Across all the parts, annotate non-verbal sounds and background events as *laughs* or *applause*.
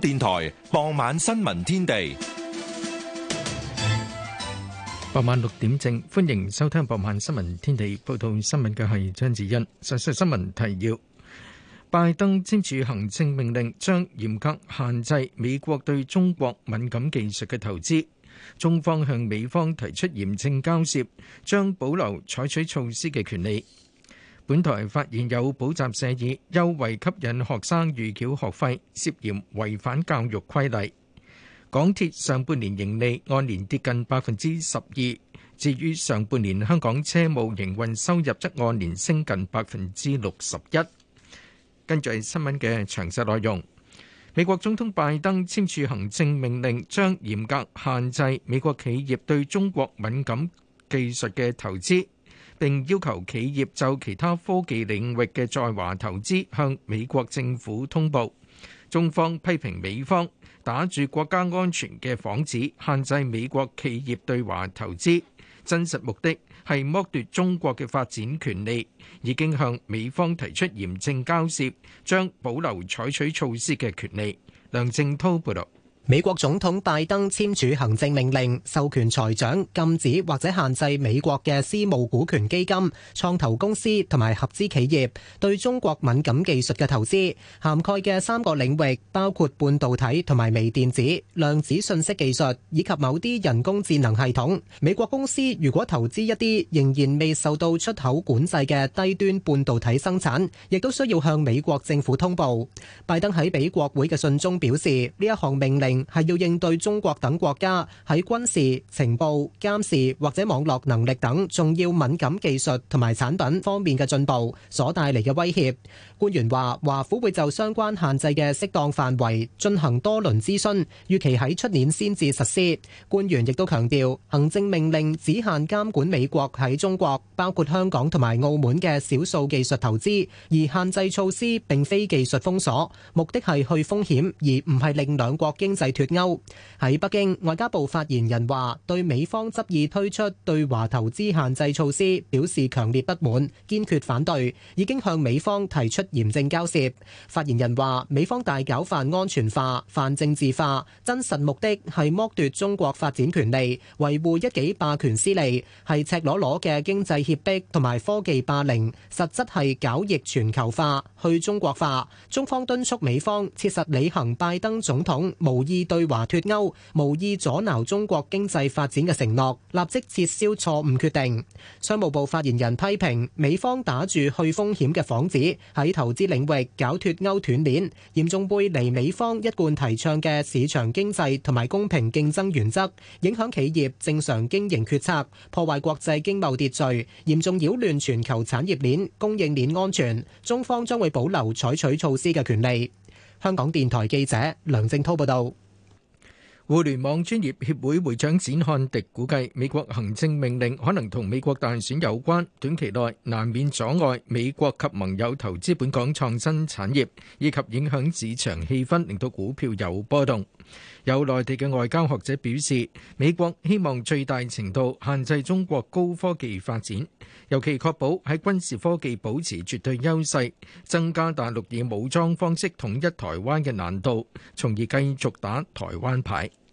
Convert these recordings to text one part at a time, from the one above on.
電台傍晚新聞天地，傍晚六點正，歡迎收聽《傍晚新聞天地》。報道新聞嘅係張子欣。實時新聞提要：拜登簽署行政命令，將嚴格限制美國對中國敏感技術嘅投資。中方向美方提出嚴正交涉，將保留採取措施嘅權利。本台發現有補習社以優惠吸引學生預繳學費，涉嫌違反教育規例。港鐵上半年盈利按年跌近百分之十二，至於上半年香港車務營運收入則按年升近百分之六十一。跟住係新聞嘅詳細內容。美國總統拜登簽署行政命令，將嚴格限制美國企業對中國敏感技術嘅投資。並要求企業就其他科技領域嘅在華投資向美國政府通報。中方批評美方打住國家安全嘅幌子，限制美國企業對華投資，真實目的係剝奪中國嘅發展權利。已經向美方提出嚴正交涉，將保留採取措施嘅權利。梁正濤報道。美國總統拜登簽署行政命令，授權財長禁止或者限制美國嘅私募股權基金、創投公司同埋合資企業對中國敏感技術嘅投資，涵蓋嘅三個領域包括半導體同埋微電子、量子信息技術以及某啲人工智能系統。美國公司如果投資一啲仍然未受到出口管制嘅低端半導體生產，亦都需要向美國政府通報。拜登喺俾國會嘅信中表示，呢一項命令。係要應對中國等國家喺軍事、情報、監視或者網絡能力等重要敏感技術同埋產品方面嘅進步所帶嚟嘅威脅。官員話：華府會就相關限制嘅適當範圍進行多輪諮詢，預期喺出年先至實施。官員亦都強調，行政命令只限監管美國喺中國，包括香港同埋澳門嘅少數技術投資，而限制措施並非技術封鎖，目的係去風險，而唔係令兩國經濟脫鈎。喺北京，外交部發言人話：對美方執意推出對華投資限制措施表示強烈不滿，堅決反對，已經向美方提出。嚴正交涉。發言人話：美方大搞泛安全化、泛政治化，真實目的係剝奪中國發展權利，維護一己霸權私利，係赤裸裸嘅經濟脅迫同埋科技霸凌，實質係搞逆全球化、去中國化。中方敦促美方切實履行拜登總統無意對華脫歐、無意阻撓中國經濟發展嘅承諾，立即撤銷錯誤決定。商務部發言人批評美方打住去風險嘅幌子喺投資領域搞脫鈎斷鏈，嚴重背離美方一貫提倡嘅市場經濟同埋公平競爭原則，影響企業正常經營決策，破壞國際經貿秩序，嚴重擾亂全球產業鏈供應鏈安全。中方將會保留採取措施嘅權利。香港電台記者梁正滔報道。互聯網專業協會會長冼漢迪估計，美國行政命令可能同美國大選有關，短期內難免阻礙美國及盟友投資本港創新產業，以及影響市場氣氛，令到股票有波動。有內地嘅外交學者表示，美國希望最大程度限制中國高科技發展，尤其確保喺軍事科技保持絕對優勢，增加大陸以武裝方式統一台灣嘅難度，從而繼續打台灣牌。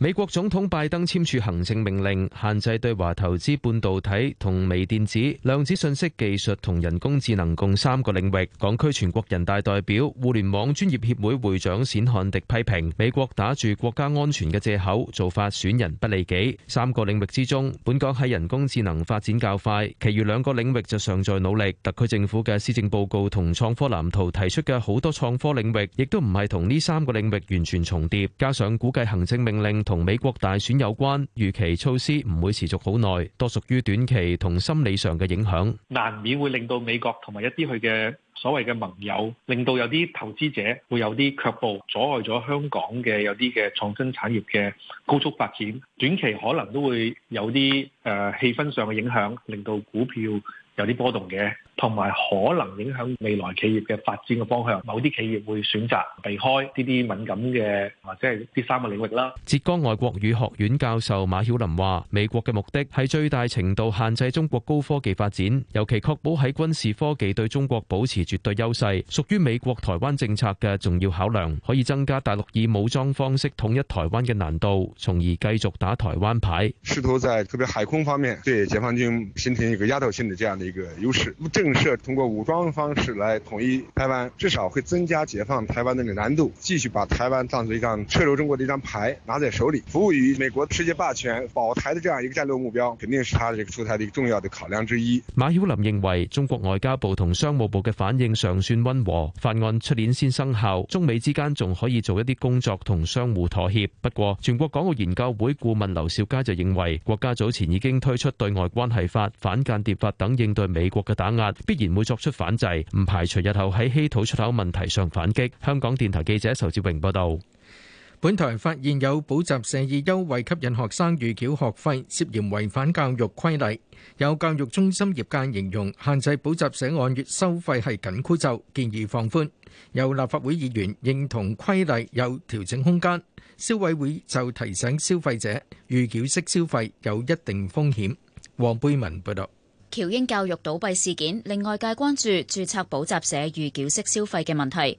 美國總統拜登簽署行政命令，限制對華投資半導體，同微電子、量子信息技術同人工智能共三個領域。港區全國人大代表、互聯網專業協會會長冼漢迪批評：美國打住國家安全嘅借口，做法損人不利己。三個領域之中，本港喺人工智能發展較快，其餘兩個領域就尚在努力。特區政府嘅施政報告同創科藍圖提出嘅好多創科領域，亦都唔係同呢三個領域完全重疊。加上估計行政命令。同美國大選有關，預期措施唔會持續好耐，多屬於短期同心理上嘅影響，難免會令到美國同埋一啲佢嘅所謂嘅盟友，令到有啲投資者會有啲卻步，阻礙咗香港嘅有啲嘅創新產業嘅高速發展。短期可能都會有啲誒氣氛上嘅影響，令到股票有啲波動嘅。同埋可能影響未來企業嘅發展嘅方向，某啲企業會選擇避開呢啲敏感嘅或者係啲三個領域啦。浙江外國語學院教授馬曉林話，美國嘅目的係最大程度限制中國高科技發展，尤其確保喺軍事科技對中國保持絕對優勢，屬於美國台灣政策嘅重要考量，可以增加大陸以武裝方式統一台灣嘅難度，從而繼續打台灣牌。試圖在特別海空方面對解放軍形成一個壓倒性的這樣的一個優勢。社通過武裝方式來統一台灣，至少會增加解放台灣的那個難度。繼續把台灣當作一張掣肘中國的一張牌拿在手裏，服務於美國世界霸權保台的這樣一個戰略目標，肯定是他這個出台的一個重要的考量之一。馬曉林認為，中國外交部同商務部嘅反應尚算温和，法案出年先生效，中美之間仲可以做一啲工作同相互妥協。不過，全國港澳研究會顧問劉少佳就認為，國家早前已經推出對外關係法、反間諜法等應對美國嘅打壓。必然會作出反制，唔排除日後喺稀土出口問題上反擊。香港電台記者仇志榮報導。本台發現有補習社以優惠吸引學生預繳學費，涉嫌違反教育規例。有教育中心業界形容限制補習社按月收費係緊箍咒，建議放寬。有立法會議員認同規例有調整空間。消委會就提醒消費者預繳式消費有一定風險。黃貝文報導。僑英教育倒閉事件令外界關注注冊補習社預繳式消費嘅問題。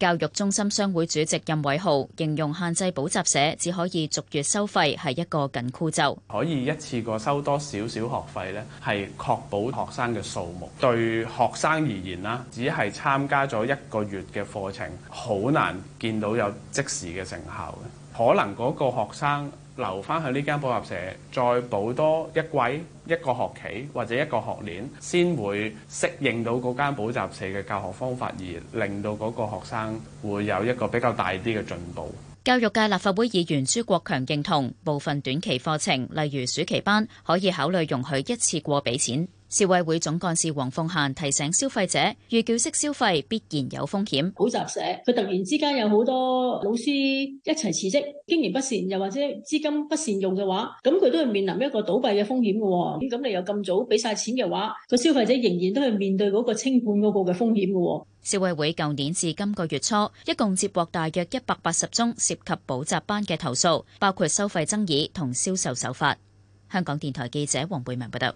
教育中心商會主席任偉豪形容限制補習社只可以逐月收費係一個緊箍咒，可以一次過收多少少學費咧，係確保學生嘅數目。對學生而言啦，只係參加咗一個月嘅課程，好難見到有即時嘅成效嘅，可能嗰個學生。留翻喺呢間補習社，再補多一季、一個學期或者一個學年，先會適應到嗰間補習社嘅教學方法，而令到嗰個學生會有一個比較大啲嘅進步。教育界立法會議員朱國強認同，部分短期課程，例如暑期班，可以考慮容許一次過俾錢。消委會總幹事黃鳳嫻提醒消費者，預繳式消費必然有風險。補習社佢突然之間有好多老師一齊辭職，經營不善又或者資金不善用嘅話，咁佢都係面臨一個倒閉嘅風險㗎喎。咁你又咁早俾晒錢嘅話，個消費者仍然都係面對嗰個清盤嗰個嘅風險㗎喎。消委會舊年至今個月初，一共接獲大約一百八十宗涉及補習班嘅投訴，包括收費爭議同銷售手法。香港電台記者黃貝文報道。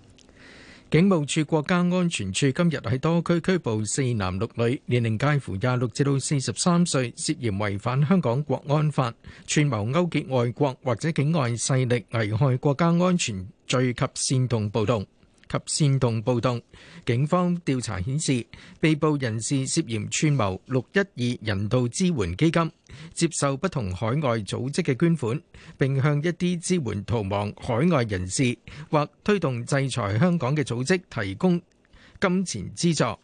警務處國家安全處今日喺多區拘捕四男六女，年齡介乎廿六至到四十三歲，涉嫌違反香港國安法，串謀勾結外國或者境外勢力，危害國家安全罪，及煽動暴動。及煽動暴動，警方調查顯示，被捕人士涉嫌串謀六一二人道支援基金接受不同海外組織嘅捐款，並向一啲支援逃亡海外人士或推動制裁香港嘅組織提供金錢資助。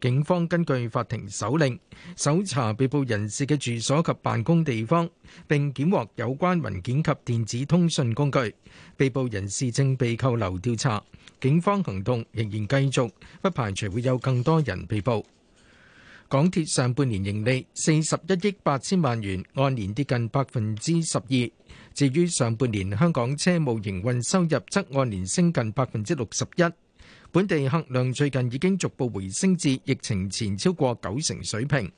警方根據法庭手令搜查被捕人士嘅住所及辦公地方，並檢獲有關文件及電子通訊工具。被捕人士正被扣留調查。警方行動仍然繼續，不排除會有更多人被捕。港鐵上半年盈利四十一億八千萬元，按年跌近百分之十二。至於上半年香港車務營運收入則按年升近百分之六十一。本地客量最近已經逐步回升至疫情前超過九成水平。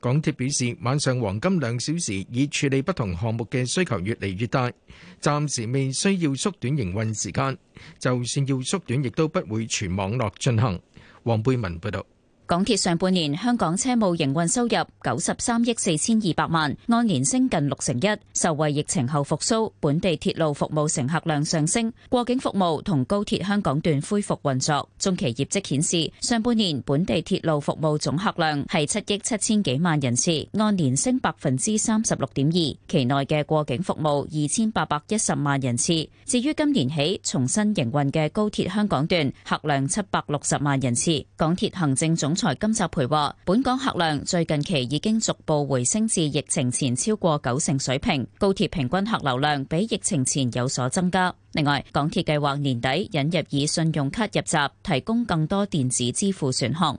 港鐵表示，晚上黃金兩小時已處理不同項目嘅需求越嚟越大，暫時未需要縮短營運時間，就算要縮短，亦都不會全網絡進行。黃貝文報道。港鐵上半年香港車務營運收入九十三億四千二百萬，按年升近六成一，受惠疫情後復甦、本地鐵路服務乘客量上升，過境服務同高鐵香港段恢復運作。中期業績顯示，上半年本地鐵路服務總客量係七億七千幾萬人次，按年升百分之三十六點二。期內嘅過境服務二千八百一十萬人次。至於今年起重新營運嘅高鐵香港段，客量七百六十萬人次。港鐵行政總。財金集培話：本港客量最近期已經逐步回升至疫情前超過九成水平，高鐵平均客流量比疫情前有所增加。另外，港鐵計劃年底引入以信用卡入閘，提供更多電子支付選項。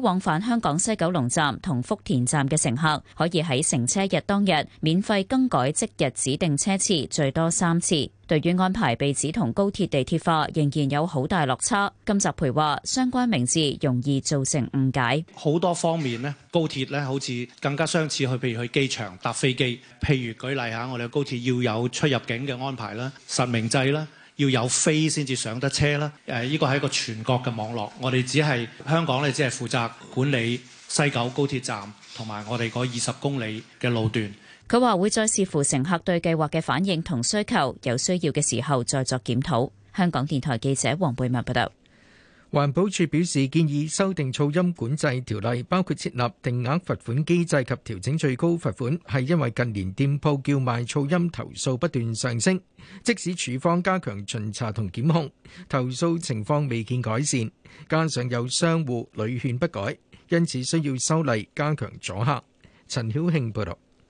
往返香港西九龍站同福田站嘅乘客可以喺乘車日當日免費更改即日指定車次，最多三次。對於安排被指同高鐵地鐵化仍然有好大落差，金澤培話：相關名字容易造成誤解，好多方面咧，高鐵咧好似更加相似，去譬如去機場搭飛機，譬如舉例吓，我哋高鐵要有出入境嘅安排啦、實名制啦。要有飛先至上得車啦！誒，呢個係一個全國嘅網絡，我哋只係香港咧，只係負責管理西九高鐵站同埋我哋嗰二十公里嘅路段。佢話會再視乎乘客對計劃嘅反應同需求，有需要嘅時候再作檢討。香港電台記者黃貝文報道。環保署表示，建議修訂噪音管制條例，包括設立定額罰款機制及調整最高罰款，係因為近年店鋪叫賣噪音投訴不斷上升。即使署方加強巡查同檢控，投訴情況未見改善，加上有商戶屢勸不改，因此需要修例加強阻嚇。陳曉慶報道。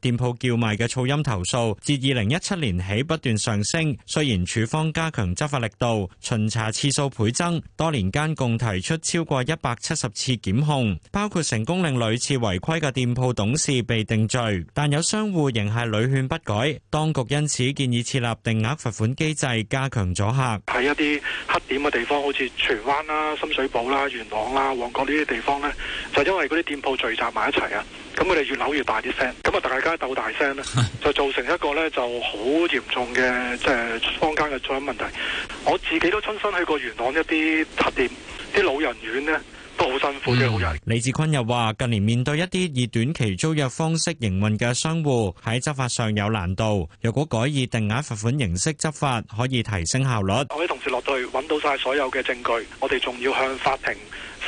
店鋪叫賣嘅噪音投訴，自二零一七年起不斷上升。雖然處方加強執法力度，巡查次數倍增，多年間共提出超過一百七十次檢控，包括成功令屢次違規嘅店鋪董事被定罪，但有商戶仍係屢勸不改。當局因此建議設立定額罰款機制加強，加強阻吓。喺一啲黑點嘅地方，好似荃灣啦、深水埗啦、元朗啦、旺角呢啲地方呢就因為嗰啲店鋪聚集埋一齊啊。咁佢哋越扭越大啲聲，咁啊大家鬥大聲咧， *laughs* 就造成一個呢就好嚴重嘅即係坊間嘅噪音問題。我自己都親身去過元朗一啲客店，啲老人院呢都好辛苦嘅老人。 *laughs* 李志坤又話：近年面對一啲以短期租約方式營運嘅商戶，喺執法上有難度，若果改以定額罰款形式執法，可以提升效率。我啲同事落去揾到晒所有嘅證據，我哋仲要向法庭，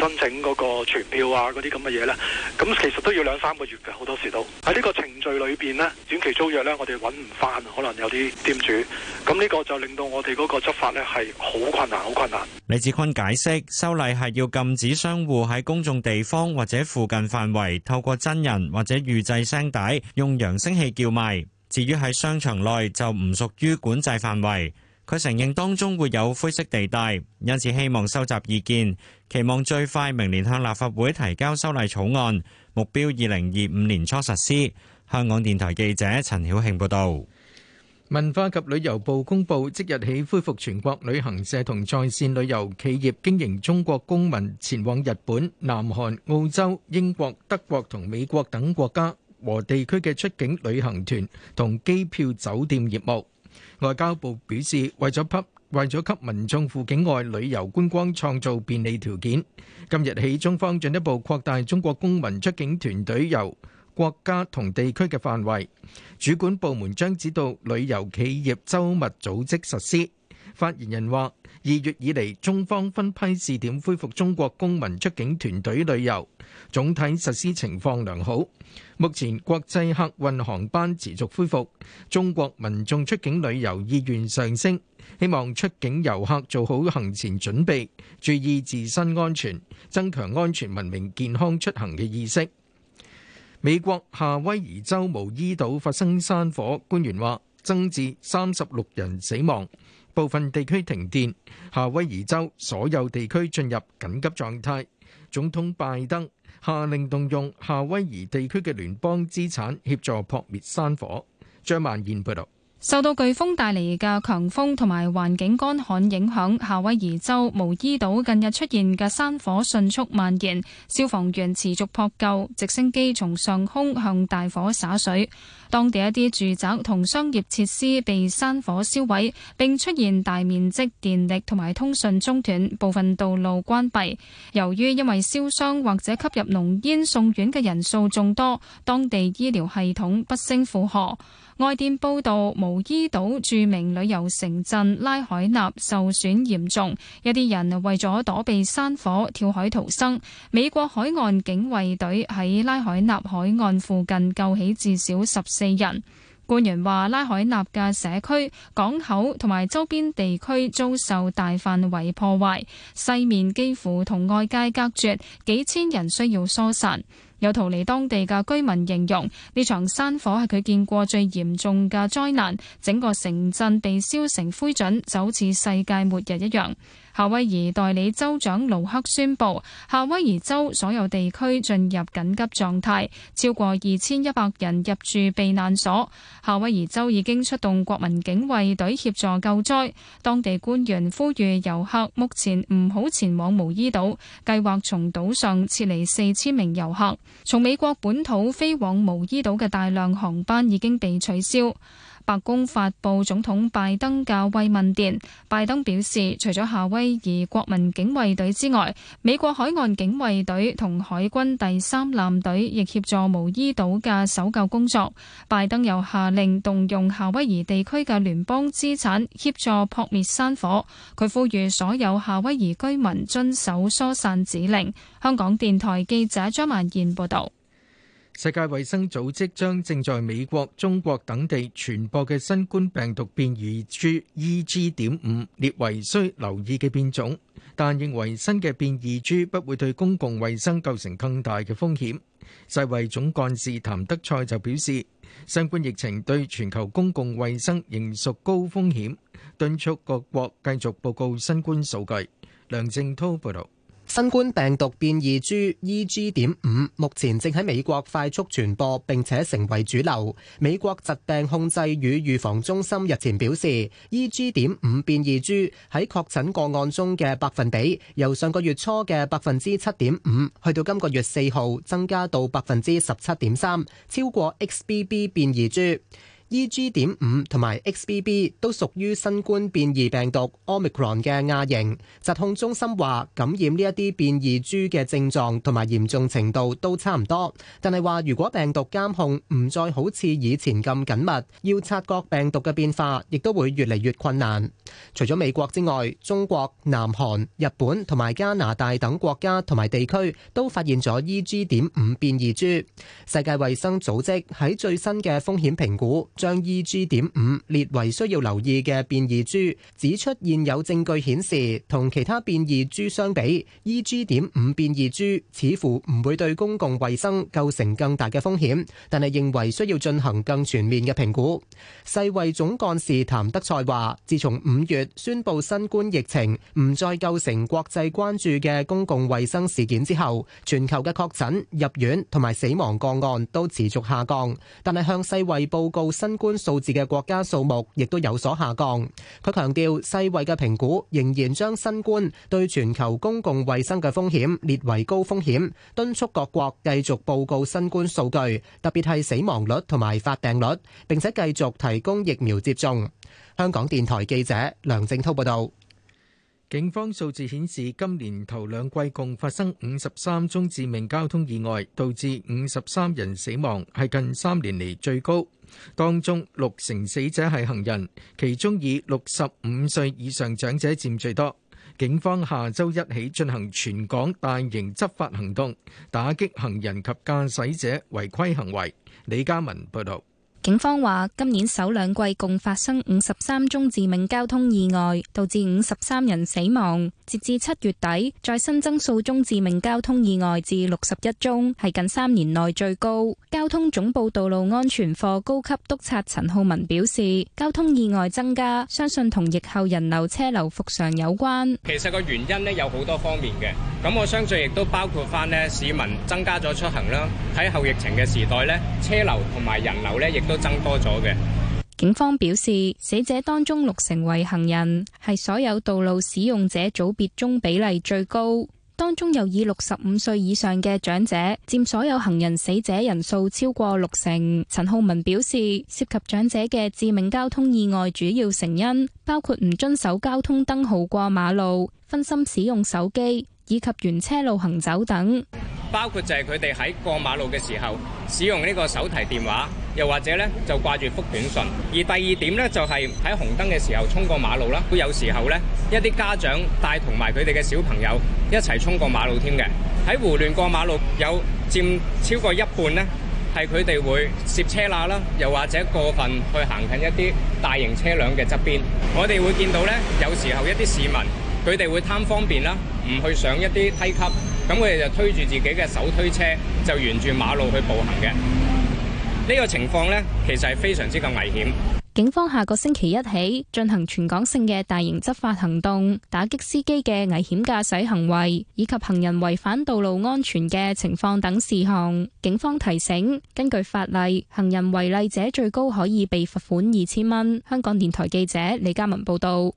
申請嗰個傳票啊，嗰啲咁嘅嘢咧，咁其實都要兩三個月嘅，好多時都喺呢個程序裏邊咧，短期租約咧，我哋揾唔返，可能有啲店主，咁呢個就令到我哋嗰個執法咧係好困難，好困難。李志坤解釋，修例係要禁止商戶喺公眾地方或者附近範圍，透過真人或者預製聲帶用揚聲器叫賣。至於喺商場內，就唔屬於管制範圍。佢承認當中會有灰色地帶，因此希望收集意見，期望最快明年向立法會提交修例草案，目標二零二五年初實施。香港電台記者陳曉慶報導。文化及旅遊部公布即日起恢復全國旅行社同在線旅遊企業經營中國公民前往日本、南韓、澳洲、英國、德國同美國等國家和地區嘅出境旅行團同機票酒店業務。外交部表示，為咗給為咗給民眾赴境外旅遊觀光創造便利條件，今日起中方進一步擴大中國公民出境團隊遊國家同地區嘅範圍，主管部門將指導旅遊企業周密組織實施。發言人話：二月以嚟，中方分批試點恢復中國公民出境團隊旅遊，總體實施情況良好。目前國際客運航班持續恢復，中國民眾出境旅遊意願上升。希望出境遊客做好行前準備，注意自身安全，增強安全、文明、健康出行嘅意識。美國夏威夷州毛伊島發生山火，官員話增至三十六人死亡，部分地區停電，夏威夷州所有地區進入緊急狀態。總統拜登下令動用夏威夷地區嘅聯邦資產協助撲滅山火。張萬燕報道，受到颶風帶嚟嘅強風同埋環境乾旱影響，夏威夷州毛伊島近日出現嘅山火迅速蔓延，消防員持續撲救，直升機從上空向大火灑水。當地一啲住宅同商業設施被山火燒毀，並出現大面積電力同埋通訊中斷，部分道路關閉。由於因為燒傷或者吸入濃煙送院嘅人數眾多，當地醫療系統不勝負荷。外電報道，毛伊島著名旅遊城鎮拉海納受損嚴重，一啲人為咗躲避山火跳海逃生。美國海岸警衛隊喺拉海納海岸附近救起至少十四人，官員話拉海納嘅社區、港口同埋周邊地區遭受大範圍破壞，西面幾乎同外界隔絕，幾千人需要疏散。有逃離當地嘅居民形容，呢場山火係佢見過最嚴重嘅災難，整個城鎮被燒成灰燼，就好似世界末日一樣。夏威夷代理州長盧克宣布，夏威夷州所有地區進入緊急狀態，超過二千一百人入住避難所。夏威夷州已經出動國民警衛隊協助救災。當地官員呼籲遊客目前唔好前往毛伊島，計劃從島上撤離四千名遊客。從美國本土飛往毛伊島嘅大量航班已經被取消。白宮發布總統拜登嘅慰問電。拜登表示，除咗夏威夷國民警衛隊之外，美國海岸警衛隊同海軍第三艦隊亦協助毛伊島嘅搜救工作。拜登又下令動用夏威夷地區嘅聯邦資產協助撲滅山火。佢呼籲所有夏威夷居民遵守疏散指令。香港電台記者張曼燕報道。世界衛生組織將正在美國、中國等地傳播嘅新冠病毒變異株 EG.5 列為需留意嘅變種，但認為新嘅變異株不會對公共衛生構成更大嘅風險。世衛總幹事譚德塞就表示，新冠疫情對全球公共衛生仍屬高風險，敦促各國繼續報告新冠數據。梁正濤報導。新冠病毒變異株 EG.5 目前正喺美國快速傳播，並且成為主流。美國疾病控制與預防中心日前表示，EG.5 變異株喺確診個案中嘅百分比，由上個月初嘅百分之七點五，去到今個月四號增加到百分之十七點三，超過 XBB 變異株。E.G. 點五同埋 X.B.B. 都屬於新冠變異病毒 Omicron 嘅亞型。疾控中心話，感染呢一啲變異株嘅症狀同埋嚴重程度都差唔多，但係話如果病毒監控唔再好似以前咁緊密，要察覺病毒嘅變化，亦都會越嚟越困難。除咗美國之外，中國、南韓、日本同埋加拿大等國家同埋地區都發現咗 E.G. 點五變異株。世界衛生組織喺最新嘅風險評估，將 EG.5 列為需要留意嘅變異株，指出現有證據顯示，同其他變異株相比，EG.5 變異株似乎唔會對公共衛生構成更大嘅風險，但係認為需要進行更全面嘅評估。世衛總幹事譚德賽話：自從五月宣布新冠疫情唔再構成國際關注嘅公共衛生事件之後，全球嘅確診、入院同埋死亡個案都持續下降，但係向世衛報告新新冠數字嘅國家數目亦都有所下降。佢強調，世衛嘅評估仍然將新冠對全球公共衛生嘅風險列為高風險，敦促各國繼續報告新冠數據，特別係死亡率同埋發病率，並且繼續提供疫苗接種。香港電台記者梁靜滔報道。警方數字顯示，今年頭兩季共發生五十三宗致命交通意外，導致五十三人死亡，係近三年嚟最高。當中六成死者係行人，其中以六十五歲以上長者佔最多。警方下周一起進行全港大型執法行動，打擊行人及駕駛者違規行為。李嘉文報道。警方話，今年首兩季共發生五十三宗致命交通意外，導致五十三人死亡。截至七月底，再新增數宗致命交通意外至六十一宗，係近三年內最高。交通總部道路安全課高級督察陳浩文表示，交通意外增加，相信同疫後人流車流復常有關。其實個原因呢，有好多方面嘅，咁我相信亦都包括返呢，市民增加咗出行啦。喺後疫情嘅時代呢，車流同埋人流呢亦都增多咗嘅。警方表示，死者當中六成為行人，係所有道路使用者組別中比例最高。當中又以六十五歲以上嘅長者佔所有行人死者人數超過六成。陳浩文表示，涉及長者嘅致命交通意外主要成因包括唔遵守交通燈號過馬路、分心使用手機。以及沿車路行走等，包括就係佢哋喺過馬路嘅時候使用呢個手提電話，又或者呢就掛住發短信。而第二點呢，就係、是、喺紅燈嘅時候衝過馬路啦，都有時候呢，一啲家長帶同埋佢哋嘅小朋友一齊衝過馬路添嘅。喺胡亂過馬路有佔超過一半呢，係佢哋會攝車罅啦，又或者過分去行近一啲大型車輛嘅側邊。我哋會見到呢，有時候一啲市民。佢哋會貪方便啦，唔去上一啲梯級，咁佢哋就推住自己嘅手推車，就沿住馬路去步行嘅。呢個情況呢，其實係非常之咁危險。警方下個星期一起進行全港性嘅大型執法行動，打擊司機嘅危險駕駛行為以及行人違反道路安全嘅情況等事項。警方提醒，根據法例，行人違例者最高可以被罰款二千蚊。香港電台記者李嘉文報道。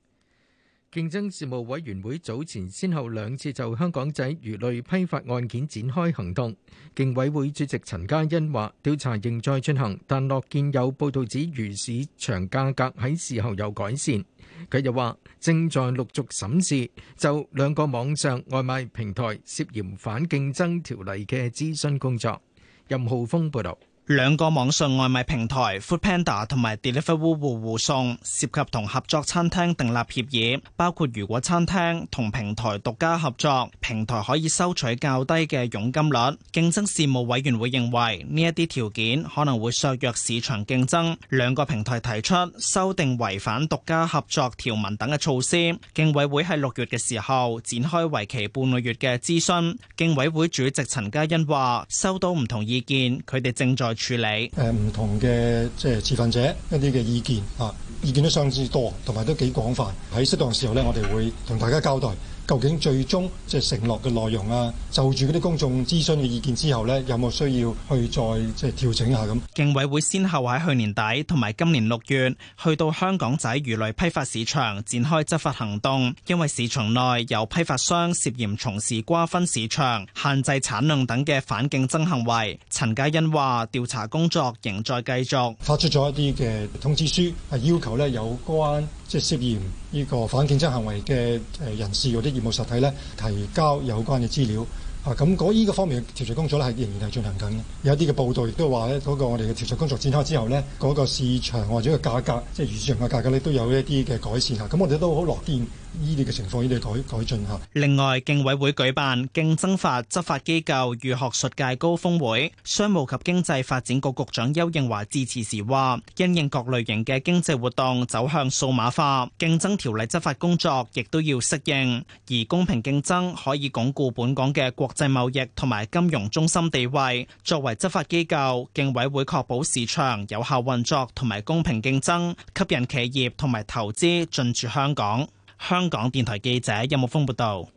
競爭事務委員會早前先後兩次就香港仔魚類批發案件展開行動，競委會主席陳家欣話：調查仍在進行，但樂見有報道指魚市場價格喺事後有改善。佢又話正在陸續審視就兩個網上外賣平台涉嫌反競爭條例嘅諮詢工作。任浩峯報導。兩個網上外賣平台 Foodpanda 同埋 Deliveroo 互送，涉及同合作餐廳訂立協議。包括如果餐廳同平台獨家合作，平台可以收取較低嘅佣金率。競爭事務委員會認為呢一啲條件可能會削弱市場競爭。兩個平台提出修訂違反獨家合作條文等嘅措施。競委會喺六月嘅時候展開為期半個月嘅諮詢。競委會主席陳嘉欣話：收到唔同意見，佢哋正在。處理誒唔同嘅即係自範者一啲嘅意見啊，意見都相之多，同埋都幾廣泛。喺適當時候咧，我哋會同大家交代。究竟最終即係承諾嘅內容啊？就住嗰啲公眾諮詢嘅意見之後呢，有冇需要去再即係調整下咁？競委會先後喺去年底同埋今年六月，去到香港仔魚類批發市場展開執法行動，因為市場內有批發商涉嫌從事瓜分市場、限制產量等嘅反競爭行為。陳嘉欣話：調查工作仍在繼續，發出咗一啲嘅通知書，係要求咧有關。即涉嫌呢個反競爭行為嘅誒人士或者業務實體咧，提交有關嘅資料。啊，咁嗰依個方面嘅調查工作咧，係仍然係進行緊嘅。有啲嘅報道亦都話呢，嗰個我哋嘅調查工作展開之後呢，嗰個市場或者個價格，即係預算嘅價格呢都有一啲嘅改善嚇。咁我哋都好樂見依啲嘅情況依啲改改進嚇。另外，競委會舉辦競爭法執法機構與學術界高峰會，商務及經濟發展局局長邱應華致辭時話：因應各類型嘅經濟活動走向數碼化，競爭條例執法工作亦都要適應，而公平競爭可以鞏固本港嘅國制貿易同埋金融中心地位，作為執法機構，競委會確保市場有效運作同埋公平競爭，吸引企業同埋投資進駐香港。香港電台記者任木峰報道。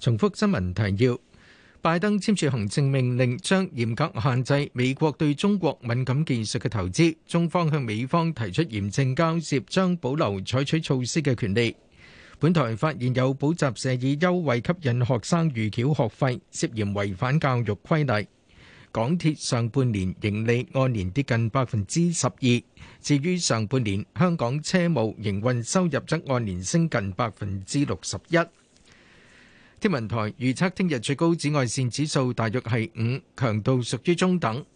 重複新聞提要：拜登簽署行政命令，將嚴格限制美國對中國敏感技術嘅投資。中方向美方提出嚴正交涉，將保留採取措施嘅權利。本台發現有補習社以優惠吸引學生預繳學費，涉嫌違反教育規例。港鐵上半年盈利按年跌近百分之十二。至於上半年香港車務營運收入則按年升近百分之六十一。天文台預測聽日最高紫外線指數大約係五，強度屬於中等。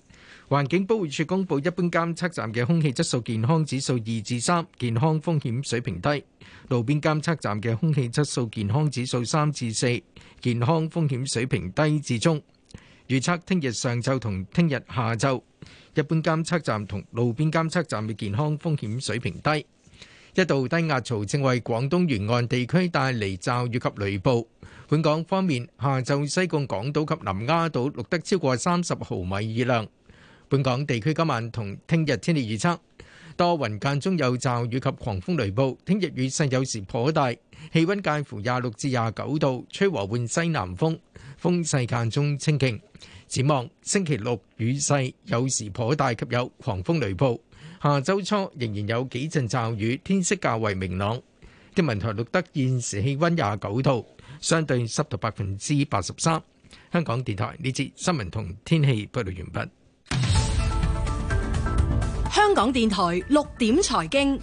環境保護署公布，一般監測站嘅空氣質素健康指數二至三，健康風險水平低；路邊監測站嘅空氣質素健康指數三至四，健康風險水平低至中。預測聽日上晝同聽日下晝，一般監測站同路邊監測站嘅健康風險水平低。一度低壓槽正為廣東沿岸地區帶嚟驟雨及雷暴。本港方面，下晝西貢、港島及南丫島錄得超過三十毫米雨量。本港地區今晚同聽日天氣預測，多雲間中有驟雨及狂風雷暴，聽日雨勢有時頗大，氣温介乎廿六至廿九度，吹和緩西南風，風勢間中清勁。展望星期六雨勢有時頗大，及有狂風雷暴。下周初仍然有幾陣驟雨，天色較為明朗。天文台錄得現時氣温廿九度，相對濕度百分之八十三。香港電台呢節新聞同天氣報告完畢。香港電台六點財經，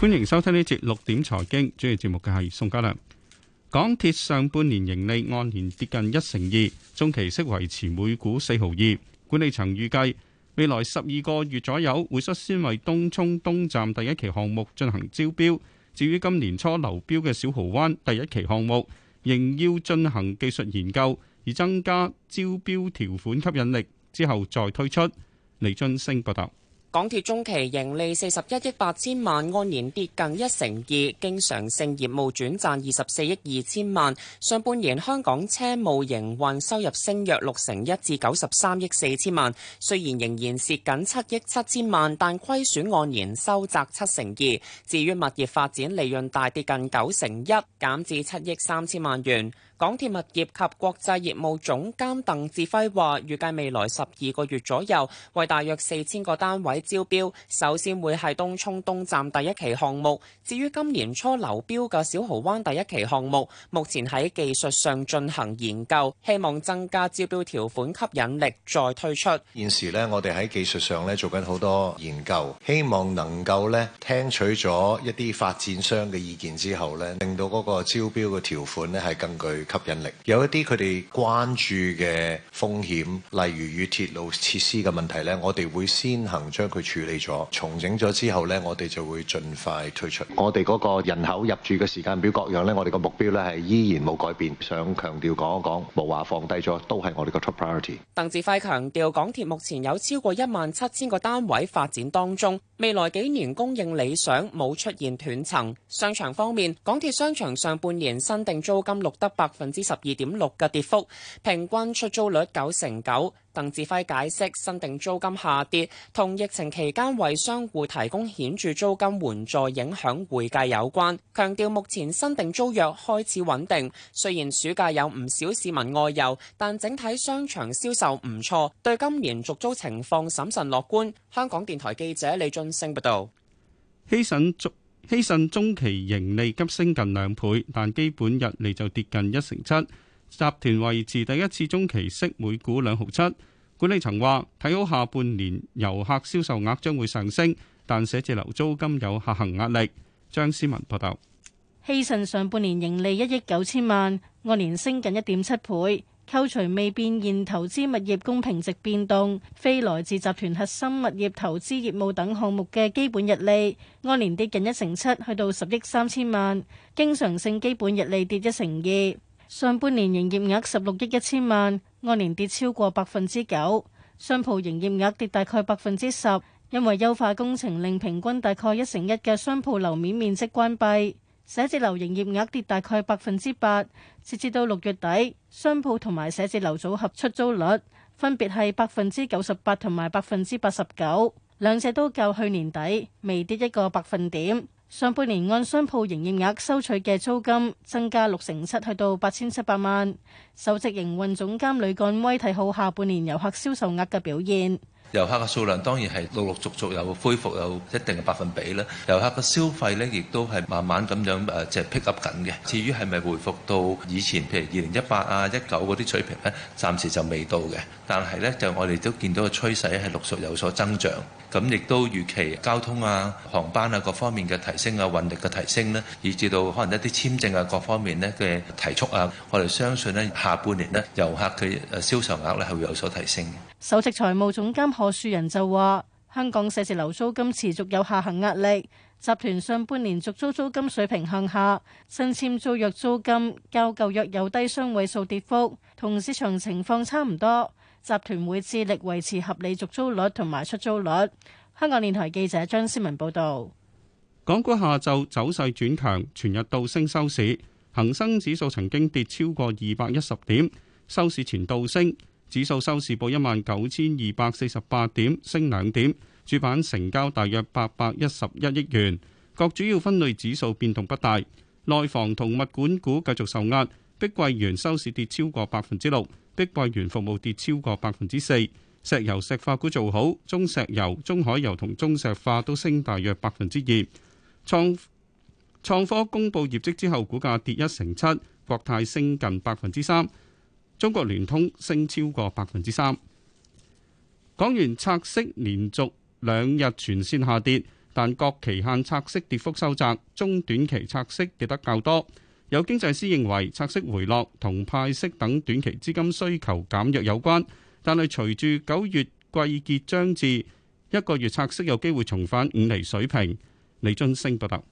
歡迎收聽呢節六點財經。主持節目嘅係宋家良。港鐵上半年盈利按年跌近一成二，中期息維持每股四毫二。管理層預計未來十二個月左右會率先為東涌東站第一期項目進行招標，至於今年初流標嘅小蠔灣第一期項目，仍要進行技術研究，以增加招標條款吸引力，之後再推出。李津升報道，港鐵中期盈利四十一億八千萬，按年跌近一成二，經常性業務轉賺二十四億二千萬。上半年香港車務營運收入升約六成一至九十三億四千萬，雖然仍然蝕緊七億七千萬，但虧損按年收窄七成二。至於物業發展，利潤大跌近九成一，減至七億三千萬元。港鐵物業及國際業務總監鄧志輝話：預計未來十二個月左右，為大約四千個單位招標，首先會係東涌東站第一期項目。至於今年初流標嘅小豪灣第一期項目，目前喺技術上進行研究，希望增加招標條款吸引力，再推出。現時呢，我哋喺技術上呢做緊好多研究，希望能夠呢聽取咗一啲發展商嘅意見之後呢，令到嗰個招標嘅條款咧係更具。吸引力，有一啲佢哋關注嘅風險，例如與鐵路設施嘅問題咧，我哋會先行將佢處理咗，重整咗之後呢，我哋就會盡快推出。我哋嗰個人口入住嘅時間表各樣呢，我哋個目標呢係依然冇改變，想強調講一講，冇話放低咗，都係我哋個 top priority。鄧志輝強調，港鐵目前有超過一萬七千個單位發展當中，未來幾年供應理想，冇出現斷層。商場方面，港鐵商場上半年新定租金錄得百。百分之十二點六嘅跌幅，平均出租率九成九。鄧志輝解釋新定租金下跌，同疫情期間為商戶提供顯著租金援助影響會計有關，強調目前新定租約開始穩定。雖然暑假有唔少市民外遊，但整體商場銷售唔錯，對今年續租情況審慎樂觀。香港電台記者李俊升報道。 *noise* 希慎中期盈利急升近兩倍，但基本溢利就跌近一成七。集團維持第一次中期息每股兩毫七。管理層話睇好下半年遊客銷售額將會上升，但寫字樓租金有下行壓力。張思文報道。希慎上半年盈利一億九千萬，按年升近一點七倍。扣除未變現投資物業公平值變動、非來自集團核心物業投資業務等項目嘅基本盈利，按年跌近一成七，去到十億三千萬；經常性基本盈利跌一成二。上半年營業額十六億一千萬，按年跌超過百分之九。商鋪營業額跌大概百分之十，因為優化工程令平均大概一成一嘅商鋪樓面面積關閉。寫字樓營業額跌大概百分之八，截至到六月底，商鋪同埋寫字樓組合出租率分別係百分之九十八同埋百分之八十九，兩者都較去年底微跌一個百分點。上半年按商鋪營業額收取嘅租金增加六成七，去到八千七百萬。首席營運總監呂幹威睇好下半年遊客銷售額嘅表現。遊客嘅數量當然係陸陸續續有恢復有一定嘅百分比啦，遊客嘅消費咧亦都係慢慢咁樣誒，即係 pick up 緊嘅。至於係咪回復到以前譬如二零一八啊、一九嗰啲水平咧，暫時就未到嘅。但係咧就我哋都見到個趨勢咧係陸續有所增長。咁亦都預期交通啊、航班啊各方面嘅提升啊、運力嘅提升咧，以至到可能一啲簽證啊各方面咧嘅提速啊，我哋相信咧下半年咧遊客嘅銷售額咧係會有所提升。首席財務總監何樹仁就話：香港寫字樓租金持續有下行壓力，集團上半年續租租金水平向下，新簽租約租金較舊約有低雙位數跌幅，同市場情況差唔多。集團會致力維持合理續租率同埋出租率。香港電台記者張思文報道：港股下晝走勢轉強，全日倒升收市，恒生指數曾經跌超過二百一十點，收市前倒升。指數收市報一萬九千二百四十八點，升兩點。主板成交大約八百一十一億元。各主要分類指數變動不大。內房同物管股繼續受壓，碧桂園收市跌超過百分之六，碧桂園服務跌超過百分之四。石油石化股做好，中石油、中海油同中石化都升大約百分之二。創創科公布業績之後，股價跌一成七，國泰升近百分之三。中國聯通升超過百分之三，港元拆息連續兩日全線下跌，但各期限拆息跌幅收窄，中短期拆息跌得較多。有經濟師認為拆息回落同派息等短期資金需求減弱有關，但係隨住九月季結將至，一個月拆息有機會重返五厘水平。李津升報道。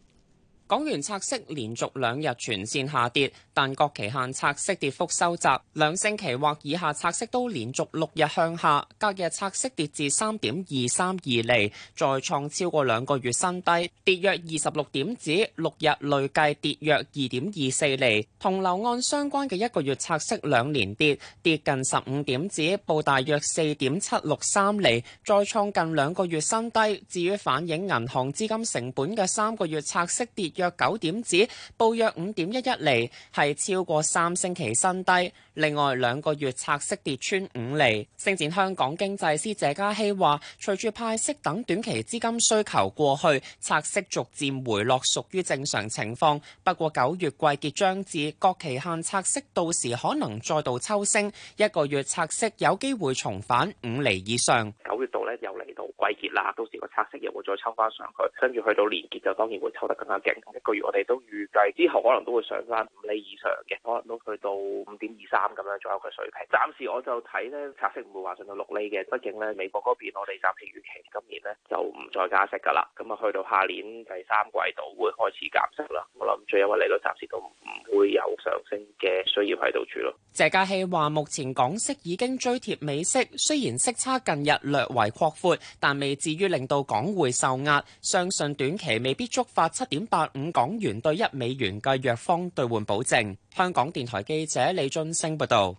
港元拆息連續兩日全線下跌，但各期限拆息跌幅收窄。兩星期或以下拆息都連續六日向下，隔日拆息跌至三點二三二厘，再創超過兩個月新低，跌約二十六點指，六日累計跌約二點二四厘。同樓按相關嘅一個月拆息兩連跌，跌近十五點指，報大約四點七六三厘，再創近兩個月新低。至於反映銀行資金成本嘅三個月拆息跌。約九點止報約五點一一厘，係超過三星期新低。另外兩個月拆息跌穿五厘。星展香港經濟師謝家希話：隨住派息等短期資金需求過去，拆息逐漸回落屬於正常情況。不過九月季結將至，各期限拆息到時可能再度抽升，一個月拆息有機會重返五厘以上。九月度呢又嚟到季結啦，到時個拆息又會再抽翻上去，跟住去到年結就當然會抽得更加勁。一個月我哋都預計之後可能都會上翻五厘以上嘅，可能都去到五點二三。咁樣左右嘅水平，暫時我就睇呢。拆息唔會話上到六厘嘅，畢竟呢。美國嗰邊我哋暫時預期今年呢就唔再加息噶啦，咁啊去到下年第三季度會開始減息啦。我諗最優惠利率暫時都唔會有上升嘅需要喺度住咯。謝嘉希話：目前港息已經追貼美息，雖然息差近日略為擴闊，但未至於令到港匯受壓，相信短期未必觸發七點八五港元對一美元嘅弱方兌換保證。香港電台記者李俊盛。報道：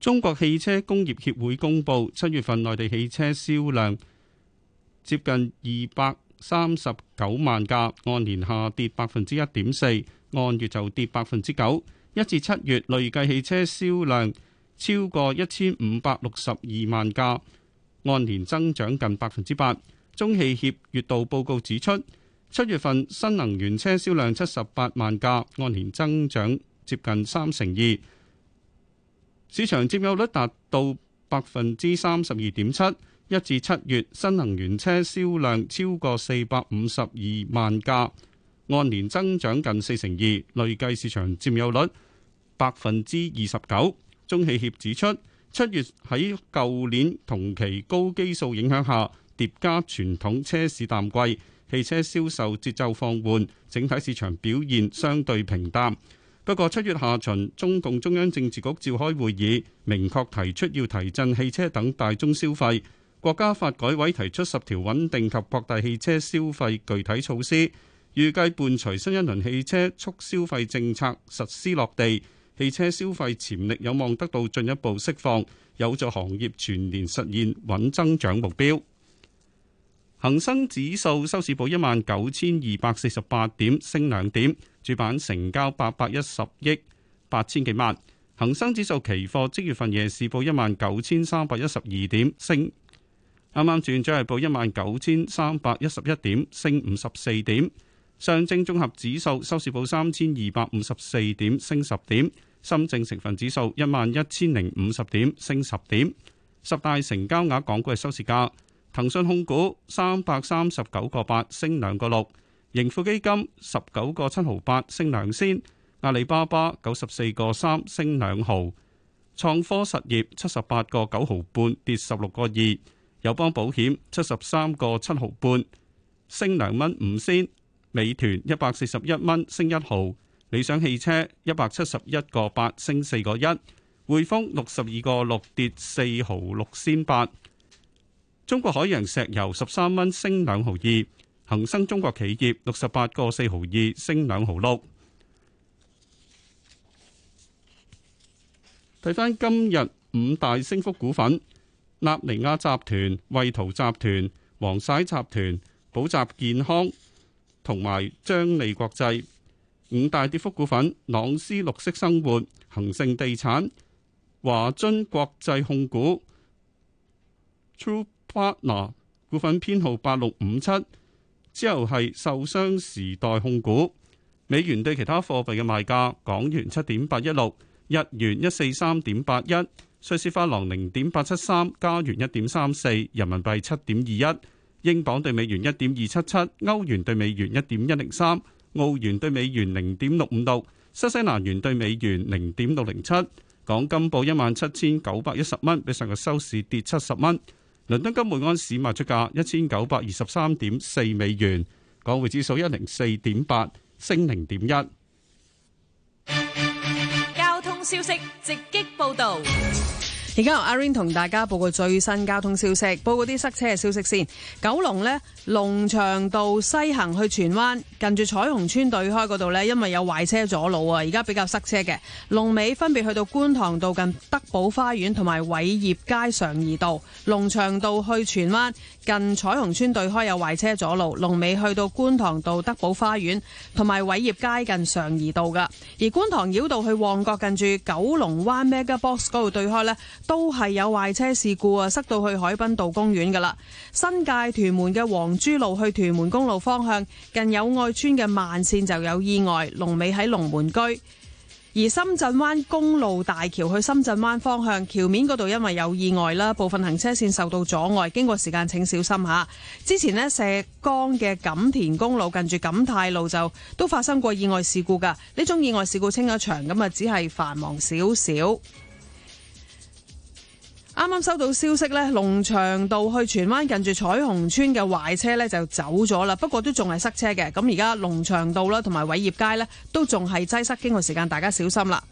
中國汽車工業協會公布，七月份內地汽車銷量接近二百三十九萬架，按年下跌百分之一點四，按月就跌百分之九。一至七月累計汽車銷量超過一千五百六十二萬架，按年增長近百分之八。中汽協月度報告指出，七月份新能源車銷量七十八萬架，按年增長接近三成二。市場佔有率達到百分之三十二點七，一至七月新能源車銷量超過四百五十二萬架，按年增長近四成二，累計市場佔有率百分之二十九。中汽協指出，七月喺舊年同期高基數影響下，疊加傳統車市淡季，汽車銷售節奏放緩，整體市場表現相對平淡。不過，七月下旬，中共中央政治局召開會議，明確提出要提振汽車等大宗消費。國家發改委提出十條穩定及擴大汽車消費具體措施，預計伴隨新一輪汽車促消費政策實施落地，汽車消費潛力有望得到進一步釋放，有助行業全年實現穩增長目標。恒生指數收市報一萬九千二百四十八點，升兩點，主板成交八百一十億八千幾萬。恒生指數期貨即月份夜市報一萬九千三百一十二點，升啱啱轉咗係報一萬九千三百一十一點，升五十四點。上證綜合指數收市報三千二百五十四點，升十點。深證成分指數一萬一千零五十點，升十點。十大成交額港股嘅收市價。騰訊控股三百三十九個八升兩個六，盈富基金十九個七毫八升兩仙，阿里巴巴九十四個三升兩毫，創科實業七十八個九毫半跌十六個二，友邦保險七十三個七毫半升兩蚊五仙，美團一百四十一蚊升一毫，理想汽車一百七十一個八升四個一，匯豐六十二個六跌四毫六仙八。中國海洋石油十三蚊，升兩毫二，恒生中國企業六十八個四毫二升兩毫六。睇翻今日五大升幅股份：納尼亞集團、惠圖集團、皇玺集團、寶澤健康同埋張利國際。五大跌幅股份：朗詩綠色生活、恒盛地產、華津國際控股、花拿股份編號八六五七，之後係受傷時代控股。美元對其他貨幣嘅賣價：港元七點八一六，日元一四三點八一，瑞士法郎零點八七三，加元一點三四，人民幣七點二一，英鎊對美元一點二七七，歐元對美元一點一零三，澳元對美元零點六五六，新西蘭元對美元零點六零七。港金報一萬七千九百一十蚊，比上日收市跌七十蚊。倫敦金每安士賣出價一千九百二十三點四美元，港匯指數一零四點八，升零點一。交通消息直擊報道。而家由阿 Rain 同大家報告最新交通消息，報告啲塞車嘅消息先。九龍呢，龍翔道西行去荃灣，近住彩虹村對開嗰度呢，因為有壞車阻路啊，而家比較塞車嘅。龍尾分別去到觀塘道近德寶花園同埋偉業街常怡道，龍翔道去荃灣近彩虹村對開有壞車阻路，龍尾去到觀塘道德寶花園同埋偉業街近常怡道噶。而觀塘繞道去旺角近住九龍灣 mega box 嗰度對開呢，都係有壞車事故啊，塞到去海濱道公園㗎喇。新界屯門嘅黃珠路去屯門公路方向，近友愛村嘅慢線就有意外，龍尾喺龍門居。而深圳灣公路大橋去深圳灣方向，橋面嗰度因為有意外啦，部分行車線受到阻礙，經過時間請小心下。之前呢，石崗嘅錦田公路近住錦泰路就都發生過意外事故㗎，呢種意外事故清咗場，咁啊只係繁忙少少。啱啱收到消息咧，龍翔道去荃灣近住彩虹邨嘅壞車咧就走咗啦，不過都仲係塞車嘅。咁而家龍翔道啦，同埋偉業街咧都仲係擠塞。經過時間，大家小心啦。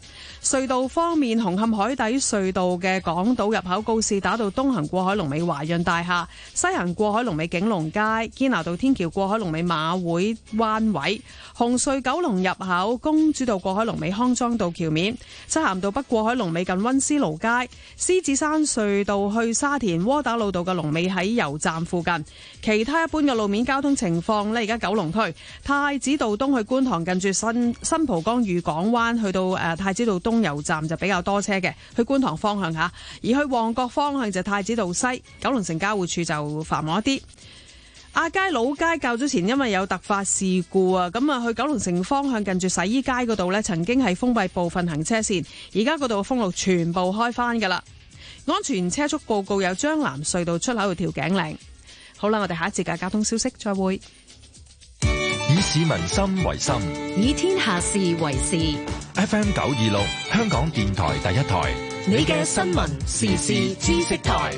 隧道方面，紅磡海底隧道嘅港島入口告士打道東行過海龍尾華潤大廈，西行過海龍尾景隆街堅拿道天橋過海龍尾馬會灣位，紅隧九龍入口公主道過海龍尾康莊道橋面，漆咸道北過海龍尾近溫思勞街，獅子山。隧道去沙田窩打路道嘅龍尾喺油站附近，其他一般嘅路面交通情況呢。而家九龍區太子道東去觀塘近住新新蒲江御港灣去到誒、呃、太子道東油站就比較多車嘅去觀塘方向吓，而去旺角方向就太子道西九龍城交匯處就繁忙一啲。亞皆老街較早前因為有突發事故啊，咁啊，去九龍城方向近住洗衣街嗰度呢，曾經係封閉部分行車線，而家嗰度封路全部開翻噶啦安全車速報告有張南隧道出口嘅調景嶺。好啦，我哋下一節嘅交通消息，再會。以市民心為心，以天下事為事。F M 九二六，香港電台第一台，你嘅新聞時事知識台。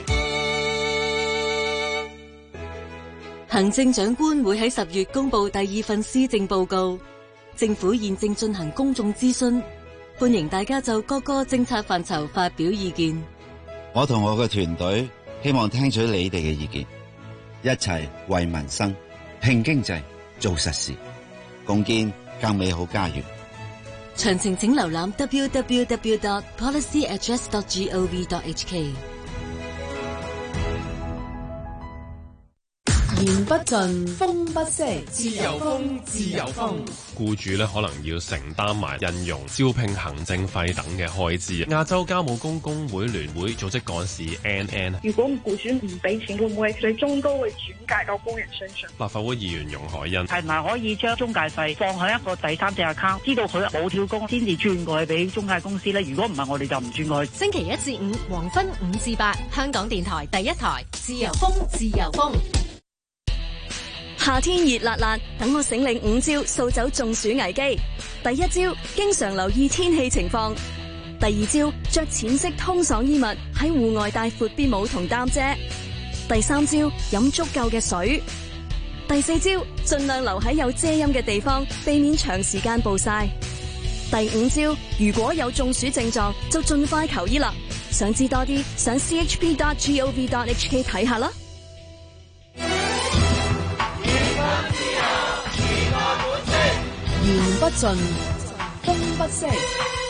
行政長官會喺十月公布第二份施政報告，政府現正進行公眾諮詢，歡迎大家就各個政策範疇發表意見。我同我嘅團隊希望聽取你哋嘅意見，一齊為民生、拼經濟、做實事，共建更美好家園。詳情請瀏覽 www.policyaddress.gov.hk 不盡，風不息，自由風，自由風。僱主咧可能要承擔埋印傭、招聘、行政費等嘅開支。亞洲家務工工會聯會組織幹事 N N，如果僱主唔俾錢，會唔會最終都會轉介到工人身上？立法會議員容海恩係咪可以將中介費放喺一個第三者 account，知道佢冇跳工先至轉過去俾中介公司咧？如果唔係，我哋就唔轉過去。星期一至五黃昏五至八，香港電台第一台，自由風，自由風。夏天熱辣辣，等我醒領五招掃走中暑危機。第一招，經常留意天氣情況；第二招，着淺色通爽衣物喺戶外帶闊邊帽同擔遮；第三招，飲足夠嘅水；第四招，盡量留喺有遮陰嘅地方，避免長時間暴曬；第五招，如果有中暑症狀，就盡快求醫啦。想知多啲，上 chp.gov.hk 睇下啦。言不盡，風不息。